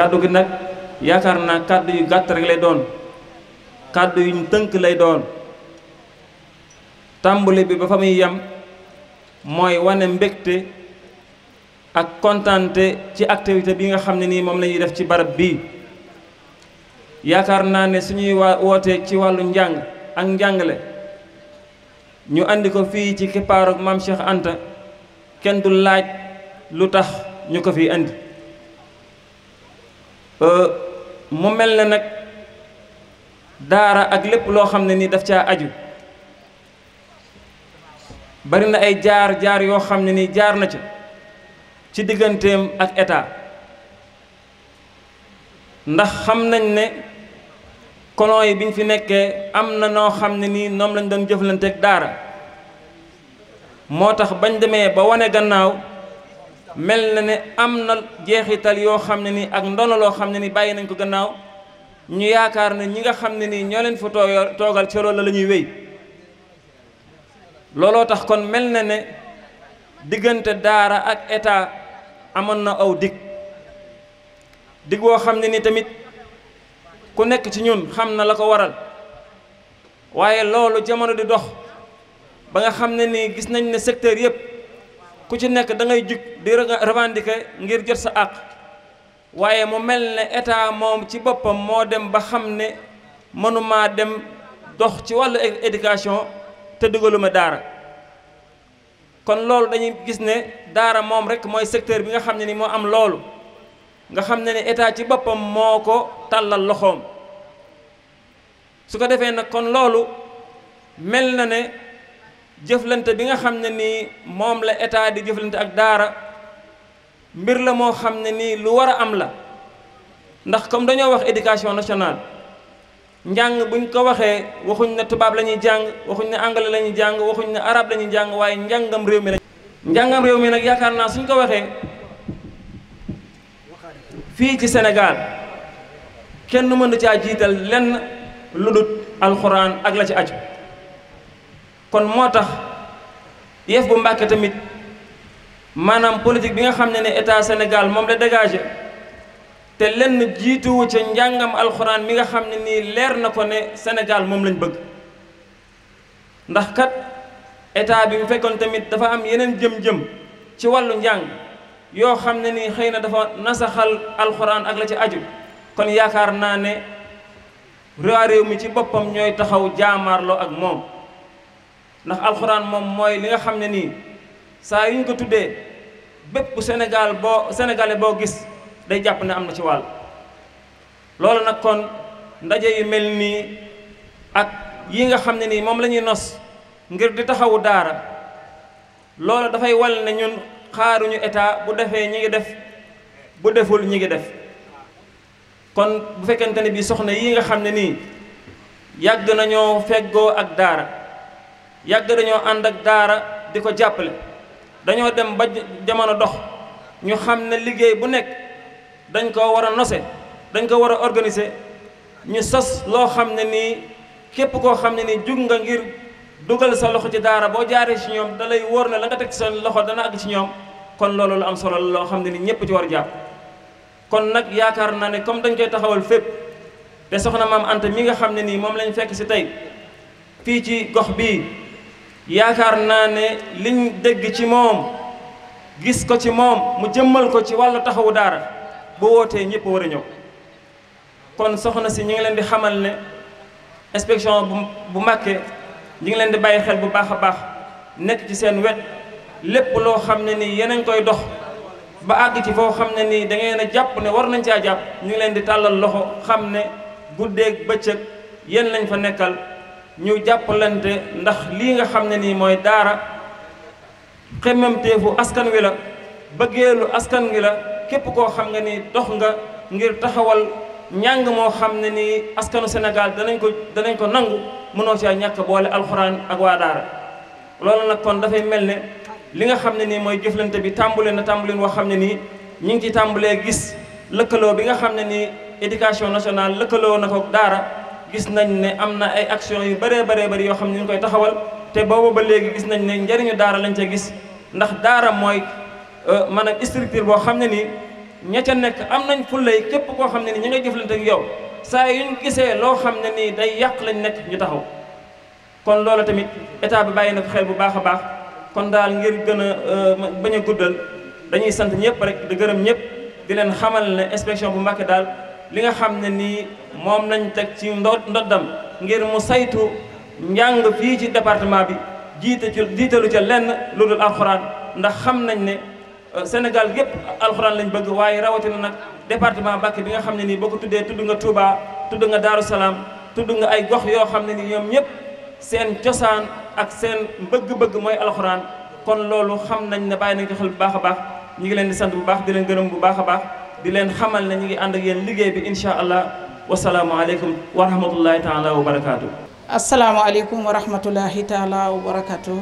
kàddu gi nag yaakaar naa kàddu yu gàtt rek lay doon kàddu yuñ tënk lay doon tàmbali bi ba fa muy yam mooy wane mbégte ak kontaante ci activité bi nga xam ne nii moom lañuy def ci barab bii yaakaar naa ne suñuy waa wootee ci wàllu njàng ak njàngale ñu indi ko fii ci keppaaru maam Cheikh Anta kenn du laaj lu tax ñu ko fi andi Euh, mu mel na nag daara ak lépp loo xam ne ni daf caa aju bari na ay jaar jaar yoo xam ne ni jaar na ca ci digganteem ak état ndax xam nañ ne colon yi bi ñu fi nekkee am na noo xam ne nii noom lañ doon jëflanteeg daara moo tax bañ demee ba wane gannaaw mel na ne am na jeexital yoo xam ne ni ak ndono loo xam ne ni bàyyi nañ ko gannaaw ñu yaakaar ne ñi nga xam ne nii ñoo leen fa toogal toogal ca la ñuy wéy looloo tax kon mel na ne diggante daara ak état amoon na aw dig dig woo xam ne ni tamit ku nekk ci ñun xam na la ko waral waaye loolu jamono di dox ba nga xam ne nii gis nañ ne secteur yëpp. ku ci nekk da ngay jug di revendiquer ngir jot sa àq waaye mu mel ne état moom ci boppam moo dem ba xam ne mënumaa dem dox ci wàllu e-, éducation te dugaluma daara kon loolu dañuy gis ne daara moom rek mooy secteur bi nga xam ne ni moo am loolu nga xam ne ni état ci boppam moo ko tàllal loxoom su ko defee nag kon loolu mel na ne jëflante bi nga xam ne nii moom la état di jëflante ak daara mbir la moo xam ne nii lu war a am la ndax comme dañoo wax éducation national njàng buñ ko waxee waxuñ ne tubaab la ñuy jàng waxuñ ne anglais la ñuy jàng waxuñ ne arabe lañuy ñuy jàng waaye njàngam réew mi la njàngam réew mi nag yaakaar naa suñ ko waxee fii ci Sénégal kenn mënu caa jiital lenn lu dul alxuraan ak la ci ajo kon moo tax yëf bu Mbàkke tamit maanaam politique bi nga xam ne ne état senegal moom la dégagé te lenn jiituwu ca njàngam alxuraan mi nga xam ne nii leer na ko ne senegal moom lañu bëgg ndax kat état bi mu fekkoon tamit dafa am yeneen jëm-jëm ci wàllu njàng yoo xam ne nii xëy na dafa nasaxal alxuraan ak la ci aju kon yaakaar naa ne réew mi ci boppam ñooy taxaw jaamaarloo ak moom ndax alxuraan moom mooy li nga xam ne nii saa yu ñu ko tuddee bépp Sénégal boo sénégalais boo gis day jàpp ne am na ci wàll loolu nag kon ndaje yi mel nii ak yi nga xam ne nii moom lañuy nos ngir di taxawu daara loolu dafay wal ne ñun xaaruñu état bu defee ñi ngi def bu deful ñi ngi def kon bu fekkente ne bii soxna yi nga xam ne nii yàgg nañoo fegoo ak daara yàgg dañoo ànd ak daara di ko jàppale dañoo dem ba jamono dox ñu xam ne liggéey bu nekk dañ ko war a nose dañ ko war a organiser ñu sos loo xam ne nii képp koo xam ne nii jug nga ngir dugal sa loxo ci daara boo jaaree ci ñoom da lay wóor ne la nga teg seen loxo dana àgg ci ñoom kon loolu lu am solo loo xam ne ni ñëpp ci war jàpp kon nag yaakaar naa ne comme dañ koy taxawal fépp te soxna maam Anta mi nga xam ne nii moom lañ fekk si tey fii ci gox bii yaakaar naa ne liñ dégg ci moom gis ko ci moom mu jëmmal ko ci wàllu taxawu daara bu wootee ñëpp war a ñëw kon soxna si ñu ngi leen di xamal ne inspection bu bu Mbacké ñu ngi leen di bàyyi xel bu baax a baax nekk ci seen wet lépp loo xam ne nii yeneen koy dox ba àgg ci foo xam ne nii dangeen a jàpp ne war nañ caa jàpp ñu ngi leen di tàllal loxo xam ne guddeeg bëccëg yéen lañ fa nekkal ñu jàppalante ndax lii nga xam ne nii mooy daara xemmemteefu askan wi la bëggeelu askan wi la képp koo xam nga ni dox nga ngir taxawal njàng moo xam ne nii askanu senegal danañ ko danañ ko nangu mënoo caa ñàkk boole alxuraan ak waa daara loolu nag kon dafay mel ne li nga xam ne nii mooy jëflante bi tàmbule na tàmbuleen woo xam ne nii ñu ngi ci tàmbulee gis lëkkaloo bi nga xam ne nii éducation nationale lëkkaloo na ko daara gis nañ ne am na ay action yu bëree bëree bëri yoo xam ne ñu koy taxawal te boobu ba léegi gis nañ ne njariñu daara lañ ca gis ndax daara mooy euh, maanaam structure boo xam ne nii ña nekk am nañ fullay képp koo xam ne nii ñi ngay jëflante ak yow saa yuñ gisee loo xam ne nii day yàq lañ nekk ñu taxaw kon loolu tamit état bi bàyyi na ko xel bu baax a baax kon daal ngir gën a euh, bañ a guddal dañuy sant ñëpp rek di gërëm ñëpp di leen xamal ne inspection bu Mbàkke daal li nga xam ne nii moom nañ teg ci ndo ndoddam ngir mu saytu njàng fii ci département bi jiite ci jiitalu ca lenn lu dul alxuraan ndax xam nañ ne euh, Sénégal yépp alxuraan lañ bëgg waaye rawatina nag département Mbacké bi nga xam ne nii boo ko tuddee tudd nga Touba tudd nga Darou Salaam tudd nga ay gox yoo xam ne nii ñoom ñëpp seen cosaan ak seen bëgg-bëgg mooy alxuraan kon loolu xam nañ ne bàyyi nañ ko xel bu baax a baax ñu ngi leen di sant bu baax di leen gërëm bu baax a baax. di leen xamal ne ñu ngi ànd ak yéen liggéey bi incha allah wasalaamualeykum wa rahmatullahi taala wa barakaatu. asalaamualeykum wa rahmatullahi taala wa barakaatu.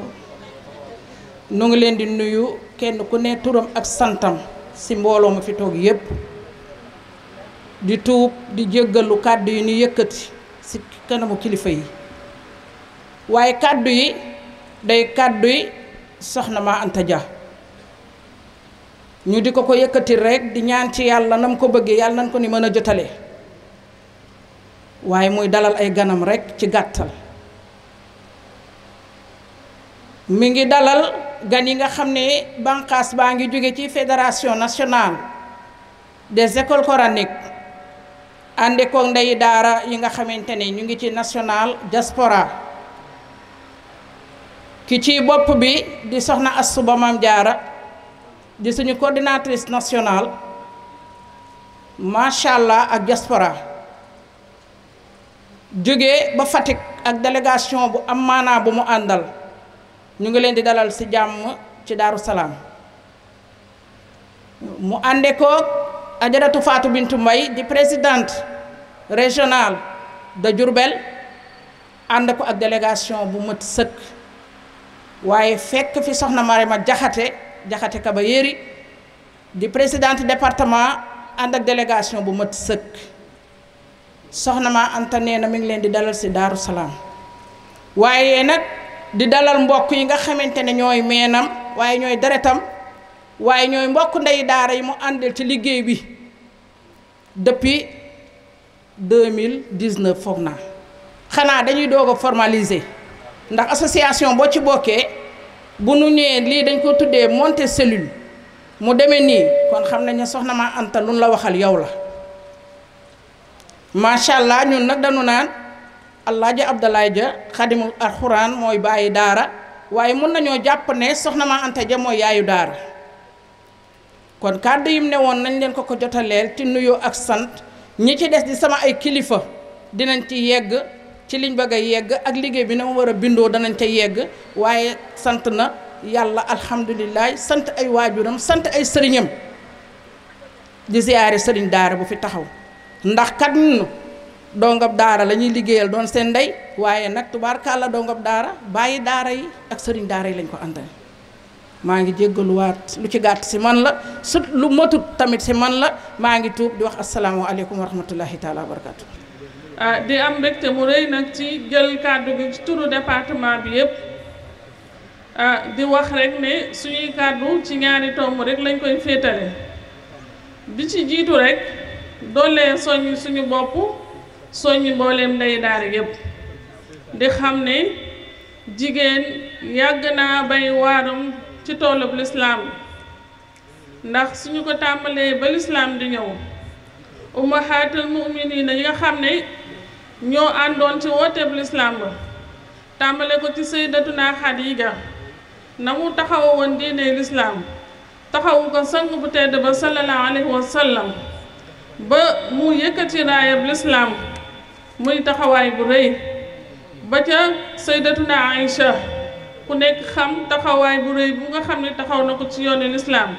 nu ngi leen di nuyu kenn ku ne turam ak santam si mbooloo mu fi toog yépp di tuub di jéggalu kàddu yi ñu yëkkati si kanamu kilifa yi waaye kàddu yi day kàddu yi soxna ma Anta Dia ñu di ko ko yëkkati rek di ñaan ci yàlla nam ko bëggee yàlla nan ko ni mën a jotalee waaye muy dalal ay ganam rek ci gàttal mu ngi dalal gan yi nga xam ne banqaas baa ngi jóge ci fédération nationale des écoles coraniques ànd ko ndey daara yi nga xamante ne ñu ngi ci national diaspora ki ci bopp bi di soxna Astou Ba Mame Diarra di suñu coordinatrice nationale macha allah ak diaspora jóge ba Fatick ak délégation bu am maanaa bu mu àndal ñu ngi leen di dalal ci jàmm ci Daaru Salaam mu ànde ko ajaratu faatu bintu Mbaye di présidente régionale da jurbel ànd ko ak délégation bu mët sëkk waaye fekk fi soxna ma ma Jaxate jaxate ba yéri di présidente département ànd ak délégation bu mat sëkk soxna ma Anta nee na mi ngi leen di dalal si Daaru Salaam waaye nag di dalal mbokk yi nga xamante ne ñooy meenam waaye ñooy deretam waaye ñooy mbokk ndey daara yi mu àndal ci liggéey bi depuis 2019 foog naa xanaa dañuy doog a formaliser ndax association boo ci bokkee bu nu nee lii dañ ko tuddee monte cellule mu deme nii kon xam nañ ne soxna ma Anta lu la waxal yow la macha allah ñun nag dañu naan Alaaji Abdoulaye Ja xadimul alxuraan mooy bàyyi daara waaye mën nañoo jàpp ne soxna ma Anta ja mooy yaayu daara kon kàddu yim ne woon nañ leen ko ko jotaleel ci nuyoo ak sant ñi ci des di sama ay kilifa dinañ ci yegg. ci liñ bëgg a yegg ak liggéey bi na mu war a bindoo danañ ca yegg waaye sant na yàlla alhamdulilah sant ay waajuram sant ay sëriñam di ziyaare sëriñ daara bu fi taxaw ndax kat ñun dongab daara lañuy liggéeyal doon seen ndey waaye nag tubaarkàlla dongab daara bàyyi daara yi ak sëriñ daara yi lañ ko àndal maa ngi jéggaluwaat lu ci gàtt si man la su lu matut tamit si man la maa ngi tuub di wax asalaamualeykum wa rahmatullahi taala wa Ah, di am mbégte mu rëy nag ci jël kàddu gi ci turu département bi yëpp ah, di wax rek ne suñuy kàddu ci ñaari tomb rek lañ koy féetale bi ci jiitu rekk doolee soññ suñu bopp soññ mbooleem ndey daara yëpp di xam ne jigéen yàgg naa bay waaram ci toolub lislaam ndax suñu ko tàmbalee ba lislaam di ñëw ummahatul muminina yi nga xam ne ñoo àndoon ci wooteeb lislaam ba tàmbale ko ci sayyidatuna Xadiija na mu taxaw woon diine lislaam taxawu ko sang bu tedd ba sallallahu alayhi wa ba mu yëkkati raayab lislaam muy taxawaay bu rëy ba ca sayyidatuna Aïcha ku nekk xam taxawaay bu rëy bu nga xam ne taxaw na ko ci yoonu lislaam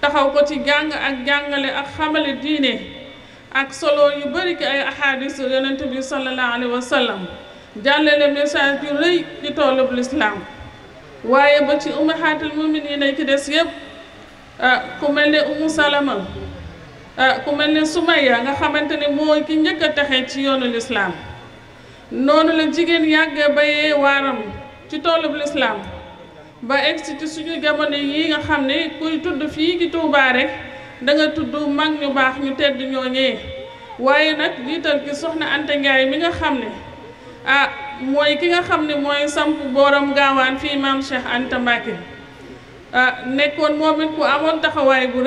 taxaw ko ci jàng ak jàngale ak xamale diine ak solo yu bëri ki ay ahadis yonent bi sallallahu alayhi wa message yu rëy ci toolub lislaam waaye ba ci ummahaatul mu'miniin yi ki des yëpp ku ah, mel ni umu salama ku mel ne ah, sumaya nga xamante ne mooy ki njëkk a taxee ci yoonu lislaam noonu la jigéen yàgg bayee waram ci toolub lislaam ba egsi ci suñu jamono yi nga xam ne kuy tudd fii ci Tuubaa rek da nga tudd mag ñu baax ñu tedd ñooñee waaye nag jiital ki soxna Anta mi nga xam ne ah mooy ki nga xam ne mooy samp booram gaawaan fii maam Cheikh Anta ah, nekkoon moom it taxawaay bu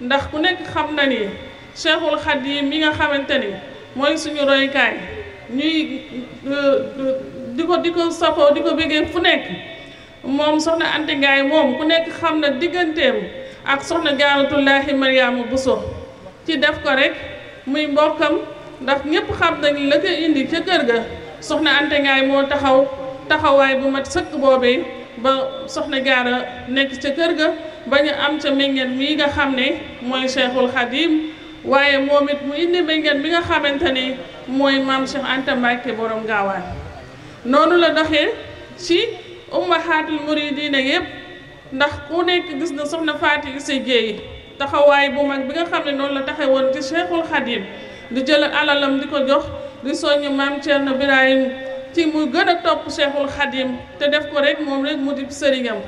ndax ku nekk xam na ni Cheikhul Khadim mi nga xamante ni mooy suñu roykaay ñuy uh, di ko di ko safoo di ko bëggee fu nekk moom soxna Anta Ndiaye moom ku nekk xam na digganteem. ak soxna jaaratullaahi maryaama so ci def ko rek muy mbokkam ndax ñépp xam nañu la ko indi ca kër ga soxna Anta moo taxaw taxawaay bu mat sëkk boobee ba soxna jaara nekk ca kër ga ba ñu am ca méngeen mi nga xam ne mooy cheikhul xadim waaye moom it mu indi méngeen bi nga xamante ni mooy maam Cheikh Anta Mbàkke borom gaawaan noonu la doxee ci ummahatul muridina yépp ndax ku nekk gis na soxna Faati Issa Gueye taxawaay bu mag bi nga xam ne noonu la taxawoon ci Cheikhul Khadim di jël alalam di ko jox di soññ maam Thierno Birahim ci mu gën a topp Cheikhul Khadim te def ko rek moom rek mu di sëriñam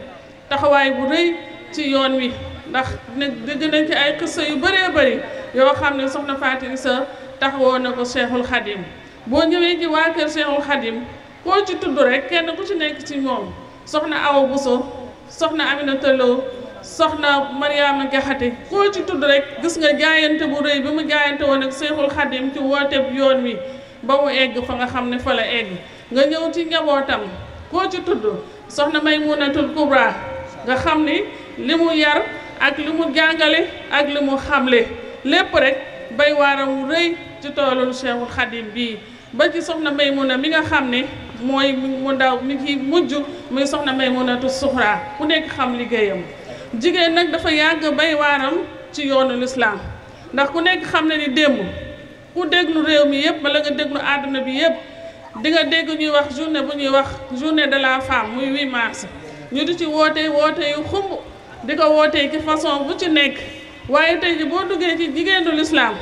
taxawaay bu rëy ci yoon wi ndax dégg nañ ci ay xissa yu bëree bari yoo xam ne soxna Faati Issa taxawoo na ko Cheikhul Khadim boo ñëwee ci waa kër Cheikhul Khadim koo ci tudd rek kenn ku ci nekk ci moom soxna Awa Bousso soxna Aminata Lo soxna Mariama Jaxate koo ci tudd rek gis nga jaayante bu rëy bi mu jaayante woon ak Seexul Xadim ci wooteeb yoon wi ba mu egg fa nga xam ne fa la egg nga ñëw ci njabootam koo ci tudd soxna Maymunatul Kubra nga xam ni li mu yar ak li mu jàngale ak li mu xable lépp rek bay waaram wu rëy ci toolul Seexul Xadim bii ba ci soxna Maymuna mi nga xam ne mooy mu ndaw mi ki mujj muy soxna Maymunatu Suxra ku nekk xam liggéeyam jigéen nag dafa yàgg bay waaram ci yoonu lislaam ndax ku nekk xam ne ni démb ku déglu réew mi yëpp bala nga déglu àdduna bi yëpp di nga dégg ñuy wax journée bu ñuy wax journée de la femme muy 8 mars ñu di ci woote woote yu xumb di ko wootee ci façon bu ci nekk waaye tey ji boo duggee ci jigéenu lislaam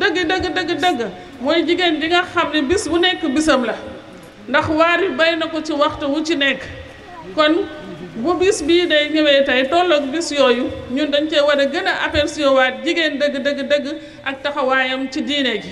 dëgg dëgg dëgg dëgg mooy jigéen di nga xam ne bis bu nekk bisam la ndax waar yu bay na ko ci waxtu wu ci nekk kon bu bis bii day ñëwee tey tolloog bis yooyu ñun dañ cee war a gën a apercevoir jigéen dëgg dëgg dëgg ak taxawaayam ci diine gi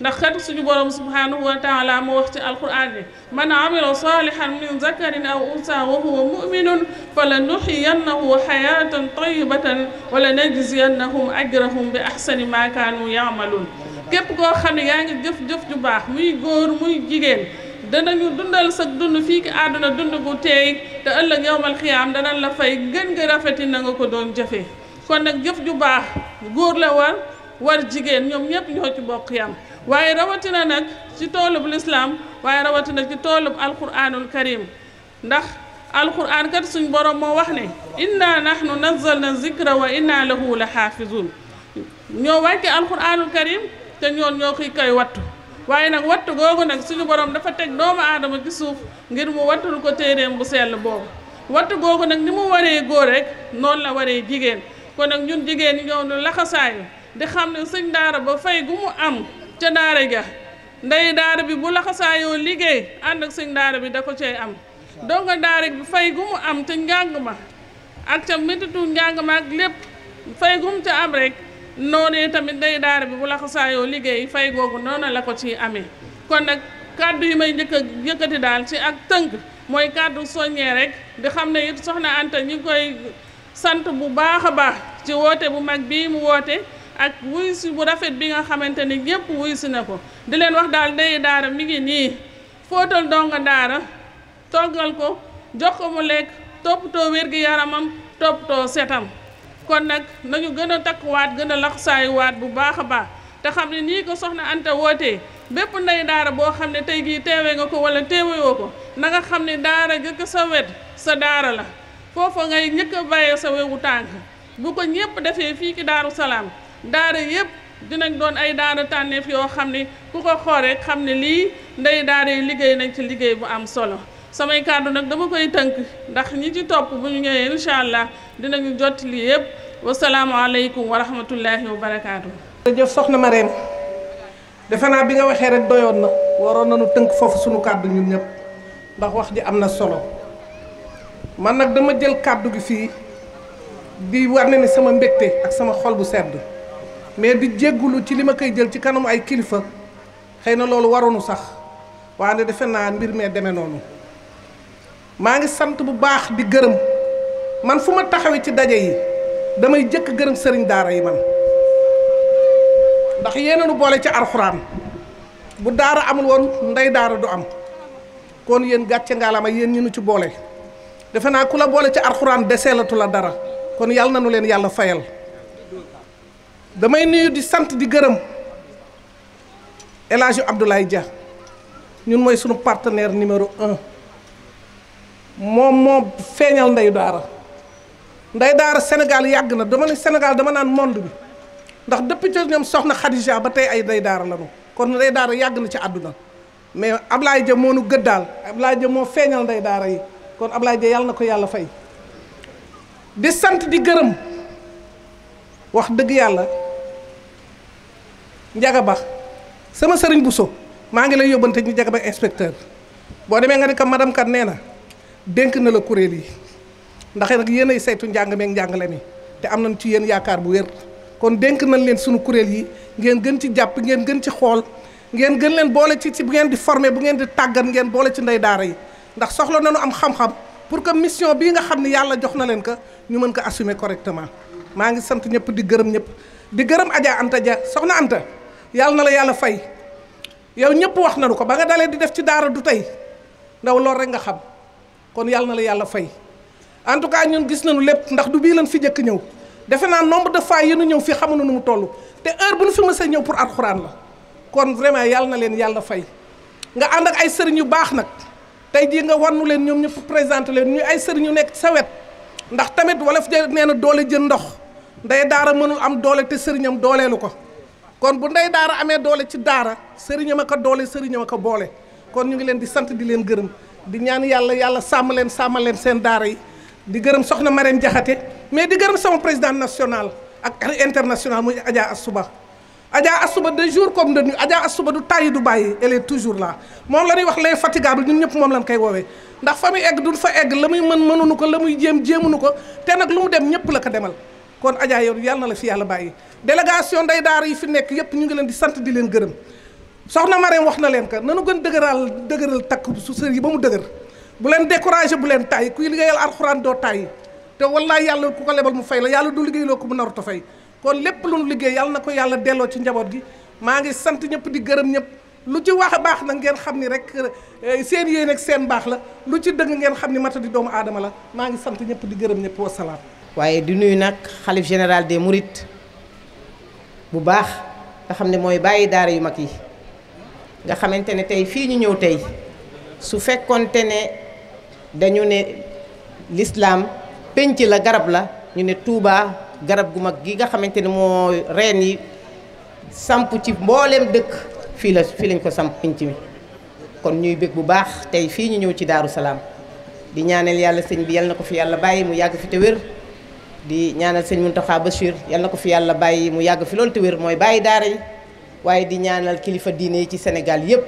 ndax kat suñu borom subhanahu wa taala mu wax ci alquran ni man amila salihan min zakarin aw unsa wa huwa muminun fala nuxiyannahu xayatan tayibatan wala najziyannahum ajrahum bi axsani ma kaanu yaamaluun képp koo xam ne yaa ngi jëf-jëf ju baax muy góor muy jigéen danañu dundal sa dund fii ki àdduna dund bu teey te ëllëg yowmal xiyaam danañ la fay gën nga rafeti na nga ko doon jëfe kon nag jëf ju baax góor la war war jigéen ñoom ñëpp ñoo ci bokk yam waaye rawatina nag ci toolub lislaam waaye rawatina ci toolub alquranul karim ndax alquran kat suñ borom moo wax ne inna nahnu nazzalna zikra wa inna lahu la xaafizun ñoo wàcce alquranul karim te ñoon ñoo koy koy wattu waaye nag watt googu nag suñu borom dafa teg doomu aadama ci suuf ngir mu wattul ko téereem bu sell boobu wattu googu nag ni mu waree góor rek noonu la waree jigéen kon nag ñun jigéen ñi ñoo nu laxasaayu di xam ne sëñ daara ba fay gu mu am ca daara ja ndey daara bi bu laxasaayoo liggéey ànd ak sëñ daara bi da ko cay am donc daara bi gu mu am ca njàng ma ak ca métitu njàng ma ak lépp fay gu mu ca am rek noonee tamit day daara bi bu la liggéey fay googu noonu la ko ci amee kon nag kàddu yi may njëkk a yëkkati daal ci ak tënk mooy kàddu soññee rek di xam ne it soxna Anta ñi koy sant bu baax a baax ci woote bu mag bii mu woote ak wuy bu rafet bi nga xamante ni ñëpp wuy si na ko di leen wax daal ndey daara mi ngi nii fóotal donga daara toggal ko jox ko mu lekk toppatoo wér-gi-yaramam toppatoo setam kon nag nañu gën a takkuwaat gën a laxsaayuwaat bu baax a baax te xam ne nii ko soxna Anta wootee bépp ndey daara boo xam ne tey jii teewee nga ko wala yoo ko na xam ne daara jëkk sa wet sa daara la foofa ngay njëkk a bàyyee sa wewu tànk bu ko ñëpp defee fii ci daaru salaam daara yëpp dinañ doon ay daara tànneef yoo xam ne ku ko xoolee xam ne lii ndey daara liggéey nañ ci liggéey bu am solo. samay kàddu nag dama koy tënk ndax ñi ci topp bu ñu ñëwee incha allah dinañu jot lii yëpp wasalaamualeykum wa rahmatullahi wa barakaatu. jërëjëf soxna Marème defe naa bi nga waxee rek doyoon na waroon nañu tënk foofu sunu kàddu ñun ñëpp ndax wax ji am na solo man nag dama jël kàddu gi fii di war ne sama mbégte ak sama xol bu sedd mais di jéggulu ci li ma koy jël ci kanamu ay kilifa xëy na loolu waroonu sax waaye defe naa mbir mee demee noonu. maa ngi sant bu baax di gërëm man fu ma taxawee ci daje yi damay jëkk gërëm sëriñ daara yi man ndax yéen nu boole ci arxuraan bu daara amul woon ndey daara du am kon yéen gàcce ngaalama yéen ñi nu ci boole defe naa ku la boole ci arxuraan deseelatu la dara kon yàlla na nu leen yàlla fayal damay nuyu di sant di gërëm El Hadj Abdoulaye Dia ñun mooy sunu partenaire numéro moom moo feeñal ndey daara ndey daara Sénégal yàgg na dama ne Sénégal dama naan monde bi ndax depuis que ñoom soxna Khadija ba tey ay ndey daara lañu kon ndey daara yàgg na ci àdduna mais Ablaye Dia moo nu gëddaal Ablaye Dia moo feeñal ndey daara yi kon Ablaye Dia yàlla na ko yàlla fay di sant di gërëm wax dëgg yàlla njaga ba sama sëriñ Bousso maa ngi lay yóbbante ñu jaga ba inspecteur boo demee nga ni ko madame kat nee na dénk na la kuréel yi ndax nag yéen ay saytu njàng meeg njàngale mi te am nañ ci yéen yaakaar bu wér kon dénk nañ leen sunu kuréel yi ngeen gën ci jàpp ngeen gën ci xool ngeen gën leen boole ci ci bu ngeen di former bu ngeen di tàggat ngeen boole ci ndey daara yi ndax soxla nañu am xam-xam pour que mission bii nga xam ne yàlla jox na leen ko ñu mën ko assumer correctement maa ngi sant ñëpp di gërëm ñëpp di gërëm Adja Anta ja soxna Anta yàlla na la yàlla fay yow ñëpp wax nañu ko ba nga dalee di def ci daara du tey ndaw loolu rek nga xam. kon yàlla na la yàlla fay en tout cas ñun gis nañu lépp ndax du bii lan fi jëkk ñëw defe naa nombre de fois yi nu ñëw fii xamuñu nu mu toll te heure bu nu fi mësee ñëw pour alxuraan la kon vraiment yàlla na leen yàlla fay nga ànd ak ay sëriñ yu baax nag tey jii nga wannu leen ñoom ñëpp présenté leen ñu ay sëriñ yu nekk sa wet ndax tamit wala fi nee na doole jën ndox ndey daara mënul am doole te sëriñam dooleelu ko kon bu ndey daara amee doole ci daara sëriñam a doole sëriñam a ko boole kon ñu ngi leen di sant di leen gërëm di ñaan yàlla yàlla sàmm leen sàmm leen seen daara yi di gërëm soxna Marème Diakhaté mais di gërëm sama président national ak international muy Adja Assouba Adja Assouba de jour comme de nuit Adja Assouba du tàyyi du bàyyi elle toujours là moom la ñuy wax les fatigables ñun ñëpp moom lañ koy woowee ndax fa muy egg duñ fa egg la muy mën mënuñu ko la muy jéem jéemuñu ko te nag lu mu dem ñëpp la ko demal kon Adja yow yàlla la fi yàlla bàyyi délégation ndey daara yi fi nekk yëpp ñu ngi leen di sant di leen gërëm soxna Marème wax na leen que nanu gën dëgëral dëgëral takk su sër yi ba mu dëgër bu leen découragé bu leen tàyyi kuy liggéeyal alxuraan doo tàyyi te wallaay yàlla ku ko lebal mu fay la yàlla du liggéey loo ko mu narut a fay kon lépp lu nu liggéey yàlla na ko yàlla delloo ci njaboot gi maa ngi sant ñëpp di gërëm ñëpp lu ci wax baax na ngeen xam ni rek eh, seen yéen ak seen baax la lu ci dëgg ngeen xam ni mata di doomu aadama la maa ngi sant ñëpp di gërëm ñëpp wasalaam waaye di nuyu nag xalif général des mourides bu baax nga xam ne mooy bàyyi daara yu mag yi nga xamante ne tey fii ñu ñëw tey su fekkonte ne dañu ne lislaam pénc la garab la ñu ne Touba garab gu mag gi nga xamante ne moo reen yi samp ci mbooleem dëkk fii la fii lañ ko samp pénc mi kon ñuy bég bu baax tey fii ñu ñëw ci Daaru Salaam di ñaaneel yàlla sëñ bi yàlla na ko fi yàlla bàyyi mu yàgg fi te wér di ñaanal sëñ Mountakha Bachir yal na ko fi yàlla bàyyi mu yàgg fi loolu te wér mooy bàyyi daara yi waaye di ñaanal kilifa diine yi ci Sénégal yëpp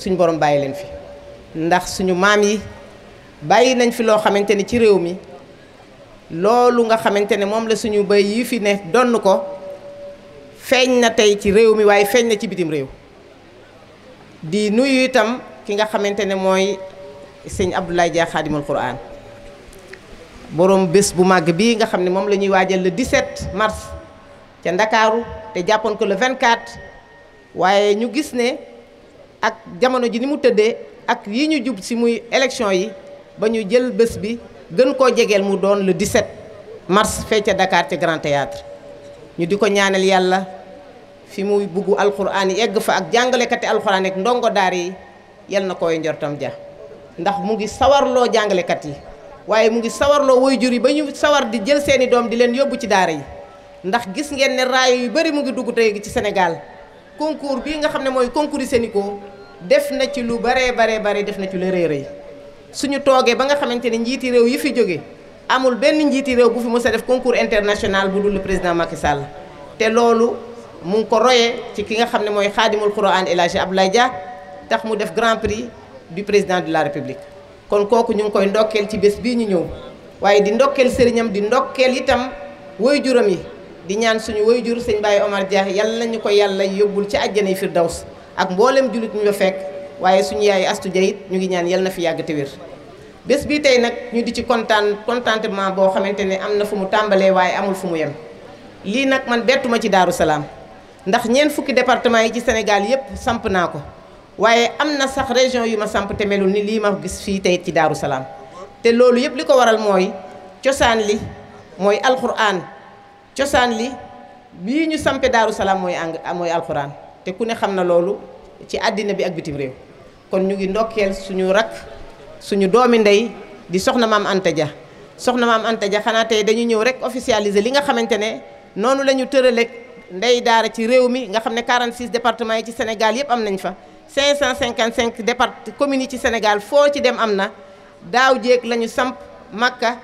suñ borom bàyyi leen fi ndax suñu maam yi bàyyi nañ fi loo xamante ni ci réew mi loolu nga xamante ne moom la suñu bay yi fi ne donn ko feeñ na tey ci réew mi waaye feeñ na ci bitim réew di nuyu itam ki nga xamante ne mooy sëñ Abdoulaye Dia Khadimul Quran boroom bés bu màgg bii nga xam ne moom la ñuy waajal le 17 mars ca Ndakaaru te jàppoon ko le 24. waaye ñu gis ne ak jamono ji ni mu tëddee ak yi ñu jub si muy élection yi ba ñu jël bés bi gën koo jegeel mu doon le 17 mars fee ca Dakar ca Grand Théâtre ñu di ko ñaanal yàlla fi muy bugg alxuraan yi egg fa ak jàngalekati alxuraan ak ndongo daar yi yal na koy njortam ja ndax mu ngi sawarloo jàngalekat yi waaye mu ngi sawarloo jur yi ba ñu sawar di jël seeni doom di leen yóbbu ci daar yi ndax gis ngeen ne raay yu bari mu ngi dugg tey ci Sénégal concours bii nga xam ne mooy concours Sénico def na ci lu baree baree bare def na ci lu rëy rëy suñu toogee ba nga xamante ne njiiti réew yi fi jóge amul benn njiiti réew bu fi mës a def concours international bu dul le président Macky te loolu mu ngi ko royee ci ki nga xam ne mooy xaadimul Quran El Hadji lay Dia tax mu def grand prix du président de la république kon kooku ñu ngi koy ndokkeel ci bés bii ñu ñëw waaye di ndokkeel sëriñam di ndokkeel itam woy juram yi di ñaan suñu wayjur sëñ Baye Omar Dia yàlla ñu ko yàlla yóbbul ci àjjanay firdaws ak mboolem jullit ñu fa fekk waaye suñu yaay Astu Dia ñu ngi ñaan yal na fi yàgg te wér bés bii tey nag ñu di ci kontaan contentement boo xamante ne am na fu mu tàmbalee waaye amul fu mu yem lii nag man bettuma ci Daaru Salaam ndax ñeent fukki département yi ci Sénégal yépp samp naa ko waaye am na sax région yu ma samp te melul ni lii ma gis fii tey ci Daaru Salaam te cosaan li bii ñu sampee daaru salaam mooy ang mooy alxuraan te ku ne xam na loolu ci àddina bi ak bitim réew kon ñu ngi ndokkeel suñu rakk suñu doomi ndey di soxna maam ante ja soxna maam Anta Dia xanaa tey dañu ñëw rek officialiser li nga xamante ne noonu la ñu tëraleeg ndey daara ci réew mi nga xam ne 46 départements yi ci Sénégal yëpp am nañ fa 555 départ communes yi ci senegal foo ci dem am na daaw jéeg lañu samp Makka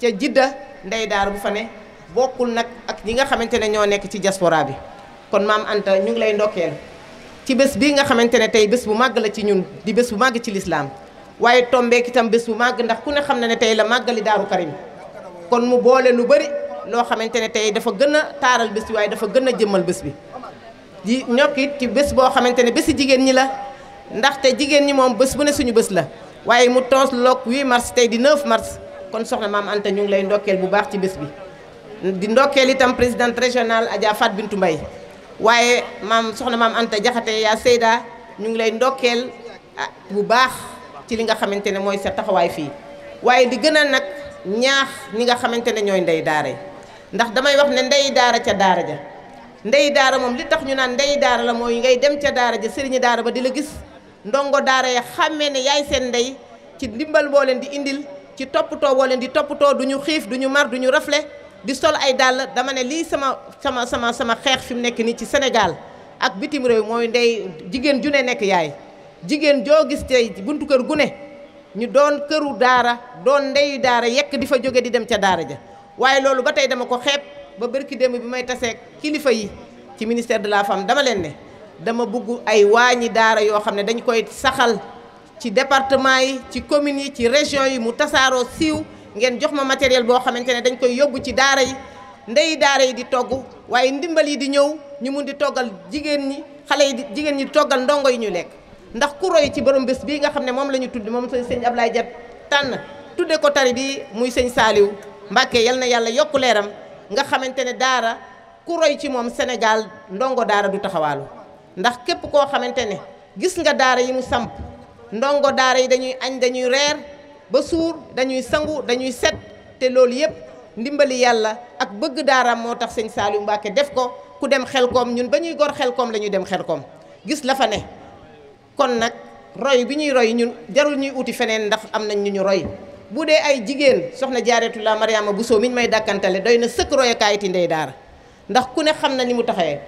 ca Jidda ndey bu fa ne bokkul nag ak ñi nga xamante ne ñoo nekk ci diaspora bi kon maam Anta ñu ngi lay ndokkeel ci bés bii nga xamante ne tey bés bu màgg la ci ñun di bés bu màgg ci lislaam waaye tombeek itam bés bu màgg ndax ku ne xam na ne tey la màggali Daaru Karim kon mu boole lu bëri loo xamante ne tey dafa gën a taaral bés bi waaye dafa gën a jëmmal bés bi di ñokk it ci bés boo xamante ne bési jigéen ñi la ndaxte jigéen ñi moom bés bu ne suñu bés la waaye mu tons loog 8 mars tey di 9 mars kon soxna maam Anta ñu ngi lay ndokkeel bu baax ci bés di ndokkeel itam présidente régionale Adja Fat Bintou Mbaye waaye maam soxna maam Anta Jaxate yaa Seyda ñu ngi lay ndokkeel ah, bu baax ci li nga xamante ne mooy sa taxawaay fii waaye di gën a nag ñaax ñi nga xamante ne ñooy ndey daara yi ndax damay wax ne ndey daara ca daara ja ndey daara moom li tax ñu naan ndey daara la mooy ngay dem ca daara ja sëriñu daara ba di la gis ndongo daara ya xàmmee ne yaay seen ndey ci ndimbal boo leen di indil ci toppatoo boo leen di toppatoo du ñu xiif du ñu mar du ñu rafle di sol ay dàll dama ne lii sama sama sama sama xeex fi mu nekk nii ci Sénégal ak bitim réew mooy ndey jigéen ju ne nekk yaay jigéen joo gis tey buntu kër gu ne ñu doon këru daara doon ndeyu daara yekk di fa jóge di dem ca daara ja waaye loolu ba tey dama ko xeeb ba bërki démb bi may tasee kilifa yi ci ministère de la femme dama leen ne dama bugg ay waañi daara yoo xam ne dañ koy saxal ci département yi ci communes yi ci région yi mu tasaaroo siiw ngeen jox ma matériel boo xamante ne dañ koy yóbbu ci daara yi ndey daara yi di togg waaye ndimbal yi di ñëw ñu mun di toggal jigéen ñi xale yi di jigéen ñi toggal ndongo yi ñu lekk ndax ku roy ci borom bés bii nga xam ne moom la ñu tudd moom sëñ Ablaye Jat tànn tudde ko tari bi muy sëñ Saaliw Mbàkke yal na yàlla yokk leeram nga xamante ne daara ku roy ci moom Sénégal ndongo daara du taxawaalu ndax képp koo xamante ne gis nga daara yi mu samp ndongo daara yi dañuy añ dañuy reer ba suur dañuy sangu dañuy set te loolu yëpp ndimbali yàlla ak bëgg daaraam moo tax sëñ Saliou Mbacké def ko ku dem xel koom ñun ba ñuy gor xel koom la dem xel koom gis la fa ne kon nag roy bi ñuy roy ñun jarul ñuy uti feneen ndax am nañ ñu ñu roy bu dee ay jigéen soxna jaareetulaa Mariama Bousso miñ may dàkkantale doy na sëkk ti ndey daara ndax ku ne xam na ni mu taxawee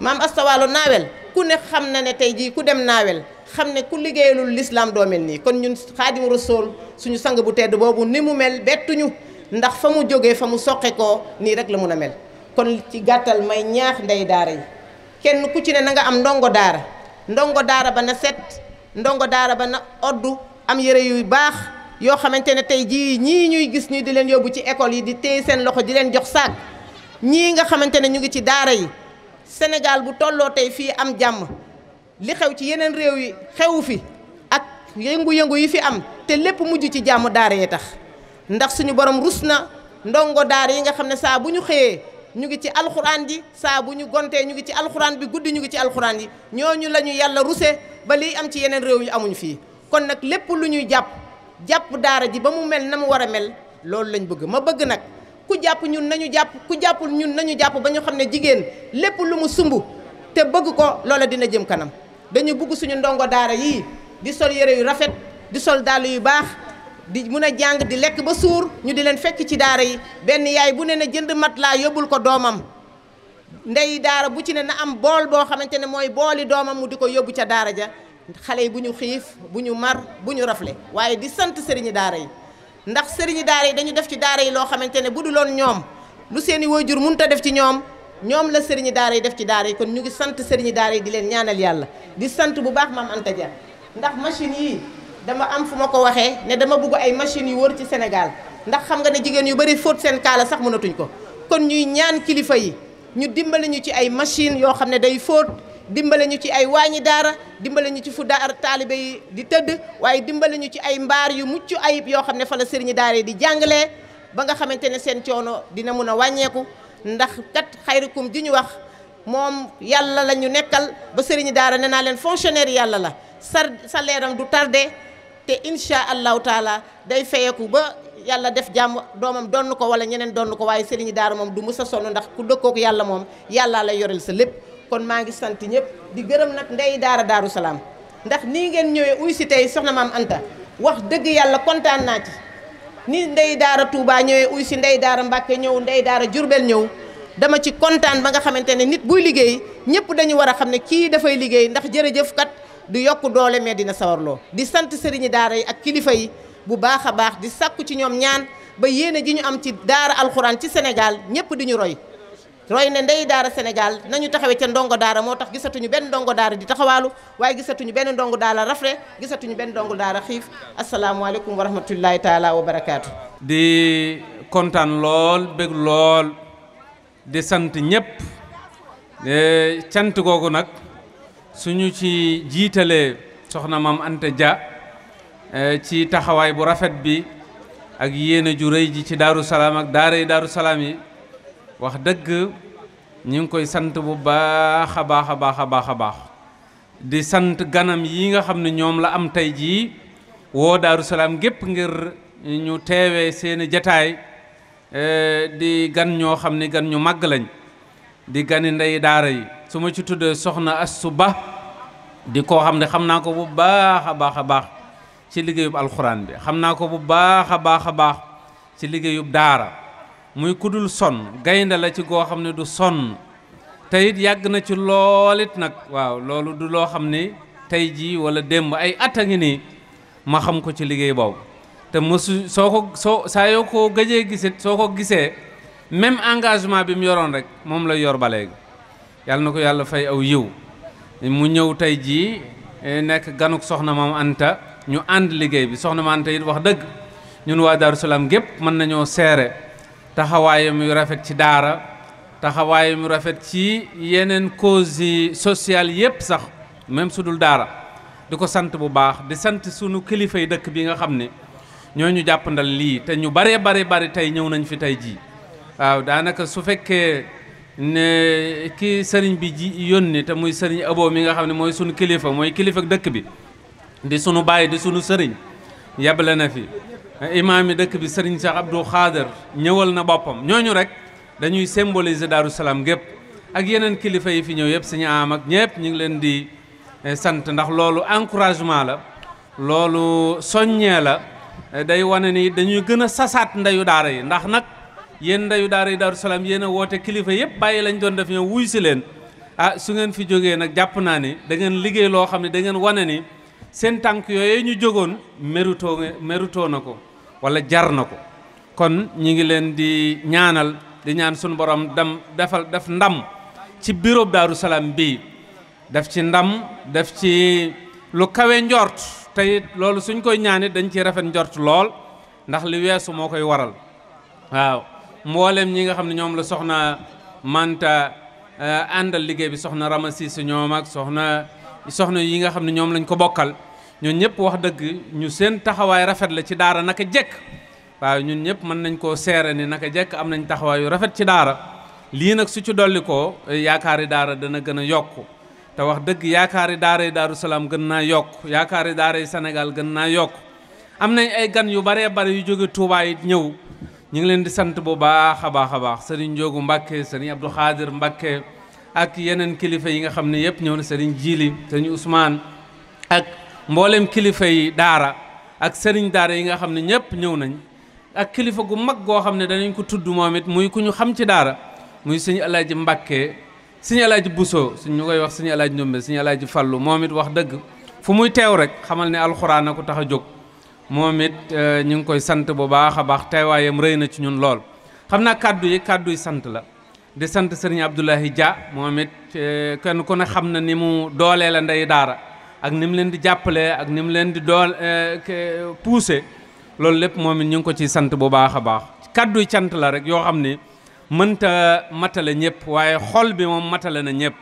maam astawaalo naawel ku ne xam na ne tey jii ku dem naawel xam ne ku liggéeyalul lislaam doo mel nii kon ñun xaadimu rasool suñu sang bu tedd boobu ni mu mel bettuñu ndax fa mu jógee fa mu soqe koo nii rek la mun a mel kon ci gàttal may ñaax ndey daara yi kenn ku ci ne na nga am ndongo daara ndongo daara ba na set ndongo daara ba na odd am yëre yu baax yoo xamante ne tey jii ñii ñuy gis ñu di leen yóbbu ci école yi di téye seen loxo di leen jox saak ñii nga xamante ne ñu ngi ci daara yi Sénégal bu tolloo tey fii am jàmm li xew ci yeneen réew yi xewu fi ak yëngu-yëngu yi fi am te lépp mujj ci jàmm daara yi tax ndax suñu borom rus na ndongo daara yi nga xam ne saa bu ñu xëyee ñu ngi ci alxuraan ji saa bu ñu gontee ñu ngi ci alxuraan bi guddi ñu ngi ci alxuraan yi ñooñu la ñu yàlla ruse ba liy am ci yeneen réew yi amuñu fii kon nag lépp lu ñuy jàpp jàpp daara ji ba mu mel na mu war a mel loolu lañ bëgg ma bëgg nag. ku jàpp ñun nañu jàpp ku jàppul ñun nañu jàpp ba ñu xam ne jigéen lépp lu mu sumb te bëgg ko loola dina jëm kanam dañu bugg suñu ndongo daara yi di sol yére yu rafet di sol dàll yu baax di mun a jàng di lekk ba suur ñu di leen fekk ci daara yi benn yaay bu ne na jënd mat laa yóbbul ko doomam ndey daara bu ci ne na am bool boo xamante ne mooy booli doomam mu di ko yóbbu ca daara ja xale yi bu ñu xiif bu ñu mar bu ñu rafle waaye di sant sëriñi daara yi ndax sëriñi daara yi dañu def ci daara yi loo xamante ne bu dul loon ñoom lu seen i jur mënut a def ci ñoom ñoom la sëriñi daara yi def ci daara yi kon ñu ngi sant sëriñi daara yi di leen ñaanal yàlla di sant bu baax maam Anta Dia ndax machine yii dama am fu ma ko waxee ne dama bugg ay machines yu wër ci Sénégal ndax xam nga ne jigéen yu bëri fóot seen kaala sax mënatuñ ko kon ñuy ñaan kilifa yi ñu dimbali ñu ci ay machine yoo xam ne day fóot dimbale ñu ci ay waañi daara dimbale ñu ci fu daara taalibe yi di tëdd waaye dimbali ñu ci ay mbaar yu mucc ayib yoo xam ne fa la sëriñi daara yi di jàngalee ba nga xamante ne seen coono dina mun a wàññeeku ndax kat xayrikum ji ñu wax moom yàlla la ñu nekkal ba sëriñi daara nee naa leen fonctionnaire yàlla la sar sa leeram du tardé te incha allahu taala day feyeeku ba yàlla def jàmm doomam donn ko wala ñeneen donn ko waaye sëriñi daara moom du mus a sonn ndax ku dëkkook yàlla moom yàllaa lay yorel sa lépp kon maa ngi sant ñëpp di gërëm nag ndey daara daaru salaam ndax nii ngeen ñëwee uy si tey soxna maam Anta wax dëgg yàlla kontaan naa ci ni ndey daara tuubaa ñëwee uy si ndey daara Mbàkke ñëw ndey daara Jurbel ñëw dama ci kontaan ba nga xamante ne nit buy liggéey ñëpp dañu war a xam ne kii dafay liggéey ndax jërëjëf kat du yokk doole mais dina sawarloo di sant sëriñi daara yi ak kilifa yi bu baax a baax di sàkku ci ñoom ñaan ba yéene ji ñu am ci daara alxuraan ci Sénégal ñëpp di ñu roy ne ndey daara Sénégal nañu taxawee ca ndongo daara moo tax gisatuñu benn ndongo daara di taxawaalu waaye gisatuñu benn ndongo daara rafle gisatuñu benn ndongo daara xiif asalaamualeykum wa rahmatullahi taala wa barakaatu. di kontaan lool bëgg lool di sant ñëpp e, cant googu nag suñu ci jiitalee soxna maam Anta Dia e, ci taxawaay bu rafet bi ak yéen a ju rëy ji ci daaru salaam ak daara yi daaru salaam yi. wax dëgg ñu ngi koy sant bu baax a baax a baax a baax a baax di sant ganam yi nga xam ne ñoom la am tey jii woo Daaru Salaam gépp ngir ñu teewee seeni jataay e, di gan ñoo xam ne gan ñu màgg lañ di gani ndey daara yi su ma ci tuddee soxna Astou Ba di koo xam ne xam naa ko bu baax a baax a baax ci liggéeyub alxuraan bi xam naa ko bu baax a baax a baax ci liggéeyub daara muy kudul sonn gaynde la ci goo xam ne du sonn te yàgg na ci loolit nag waaw loolu du loo xam ne tey jii wala démb ay at a ngi nii ma xam ko ci liggéey boobu te mosu soo ko soo saa yoo ko gëjee gisee soo ko gisee même engagement bi mu yoroon rek moom la yor ba léegi yàlla na ko yàlla fay aw yiw mu ñëw tey jii eh, nekk ganuk soxna maam Anta ñu ànd liggéey bi soxna maam Anta it wax dëgg ñun waa Darou Salaam gépp mën nañoo seere taxawaayam yu rafet ci daara taxawaayam yu rafet ci yeneen causes yi sociales yépp sax même su dul daara di ko sant bu baax di sant sunu kilifa yi dëkk bi nga xam ne ñoo ñu jàppandal lii te ñu baree bare bari tey ñëw nañ fi tey jii waaw daanaka su fekkee ne ki sëriñ bi ji yónni te muy sëriñ Abo mi nga xam ne mooy sunu kilifa mooy kilifa dëkk bi di sunu baay di sunu sëriñ yebale na fi imaam dëkk bi sëriñ Cheikh Abdou Khader ñëwal na boppam ñooñu rek dañuy symboliser Daaru Salaam gépp ak yeneen kilifa yi fi ñëw yëpp suñu am ak ñëpp ñu ngi leen di eh, sant ndax loolu encouragement la loolu soññee la eh, day wane ni dañuy gën a sasaat ndeyu daara yi ndax nag yéen ndeyu daara yi Daaru Salaam yéen woote kilifa yëpp bàyyi lañ doon def ñëw wuy si leen ah su ngeen fi jógee nag jàpp naa ni dangeen liggéey loo xam ne da ngeen wane ni seen tànk yooyu ñu jógoon mérutoo mérutoo na ko wala jar na ko kon ñi ngi leen di ñaanal di ñaan suñu borom dam defal def ndam ci bureau Daaru Salaam bii def ci ndam def ci lu kawe njort tey loolu suñ koy ñaanit dañ ci rafet njort lool ndax li weesu moo koy waral waaw mboolem ñi nga xam ne ñoom la soxna Manta eh, àndal liggéey bi soxna Ramasi si ñoom ak soxna soxna yi nga xam ne ñoom lañ ko bokkal ñun ñëpp wax dëgg ñu seen taxawaay rafet la ci daara naka jekk waaw ñun ñëpp mën nañ koo seere ni naka jekk am nañ taxawaay yu rafet ci daara lii nag su ci dolli koo eh, yaakaari daara dana gën a yokku te wax dëgg yaakaari daara yi Daaru Salaam gën naa yokk yaakaari daara yi Sénégal gën naa yokk am nañ ay gan yu baree bari yu jóge Touba it ñëw ñu ngi leen di sant bu baax a baax a baax sëriñ Njoogu Mbàkke sëriñ Abdou Xaadir Mbàkke ak yeneen kilifa yi nga xam ne yëpp ñëw na sëriñ Jili sëriñ mbooleem kilifa yi daara ak sëriñ daara yi nga xam ne ñëpp ñëw nañ ak kilifa gu mag goo xam ne danañ ko tudd moom it muy ku ñu xam ci daara muy suñu alaaji Mbàkke suñu alaaji Buso suñu ñu koy wax suñu alaaji Ndombe suñu alaaji Fallu moom it wax dëgg fu muy teew rek xamal ne alxuraan a ko tax a jóg moom it euh, ñu ngi koy sant bu baax a baax teewaayam rëy na ci ñun lool xam naa kàddu yi kàddu sant la di sant sëriñ Abdoulahi Dia moom it euh, kenn ku ne xam na ni mu doolee la ndey daara ak nim leen di jàppale ak ni leen di dool eh, poussé loolu lépp moom it ñu ngi ko ci sant bu baax a baax kàdduy cant la rek yoo xam ni mënta matale ñëpp waaye xol bi moom matale na ñëpp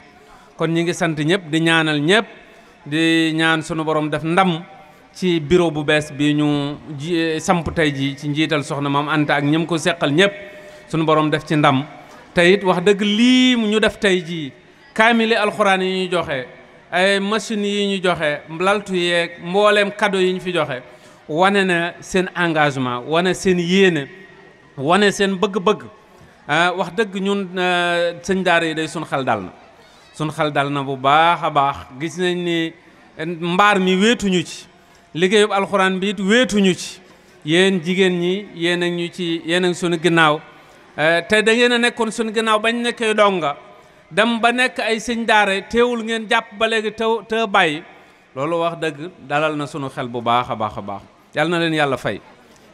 kon ñi ngi sant ñëpp di ñaanal ñëpp di ñaan sunu borom def ndam ci bureau bu bees bi ñu eh, samp tey ji ci njiital soxna maam Anta ak ñim ko seqal ñëpp sunu borom def ci ndam te wax dëgg lii ñu def tey jii kaamili alxuraan yi ñuy joxe. ay machines yi ñu joxe laltu yeeg mbooleem cadeau yi ñu fi joxe wane na seen engagement wane seen yéene wane seen bëgg-bëgg ah, wax dëgg ñun ah, sëñ daara yi day sun xel dal na sun xel dal na bu baax a baax gis nañ ni eh, mbaar mi wéetuñu ci liggéeyub alxuraan bi it wéetuñu ci yéen jigéen ñi yéen ak ñu ci yéen ak ngi sunu ginnaaw eh, te da a nekkoon sunu ginnaaw bañ nekkee donga dem ba nekk ay sëñ daara teewul ngeen jàpp ba léegi te te bàyyi loolu wax dëgg dalal na sunu xel bu baax a baax a baax yal na leen yàlla fay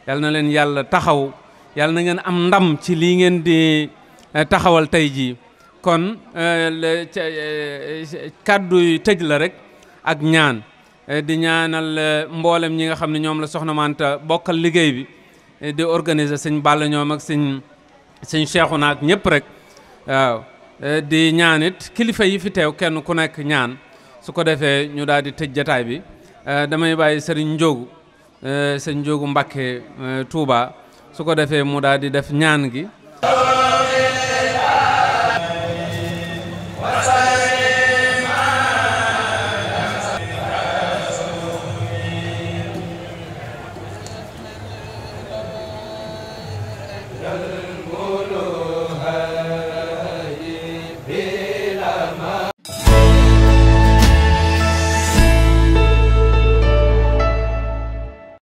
yal na leen yàlla taxaw yal na ngeen am ndam ci lii ngeen di eh, taxawal tey jii kon eh, eh, kàddu yu tëj la rek ak ñaan di ñaanal mboolem ñi nga xam ne ñoom la soxna Manta bokkal liggéey bi di organiser sëñ Balla ñoom ak sëñ sëñ Cheikhouna ak ñëpp rek waaw Eh, di ñaanit kilifa yi fi teew kenn ku nekk ñaan su ko defee ñu daal di tëj jataay bi eh, damay bàyyi sëriñ njóogu eh, sëriñ Njoogu Mbàkke Touba su ko defee mu daal di def ñaan gi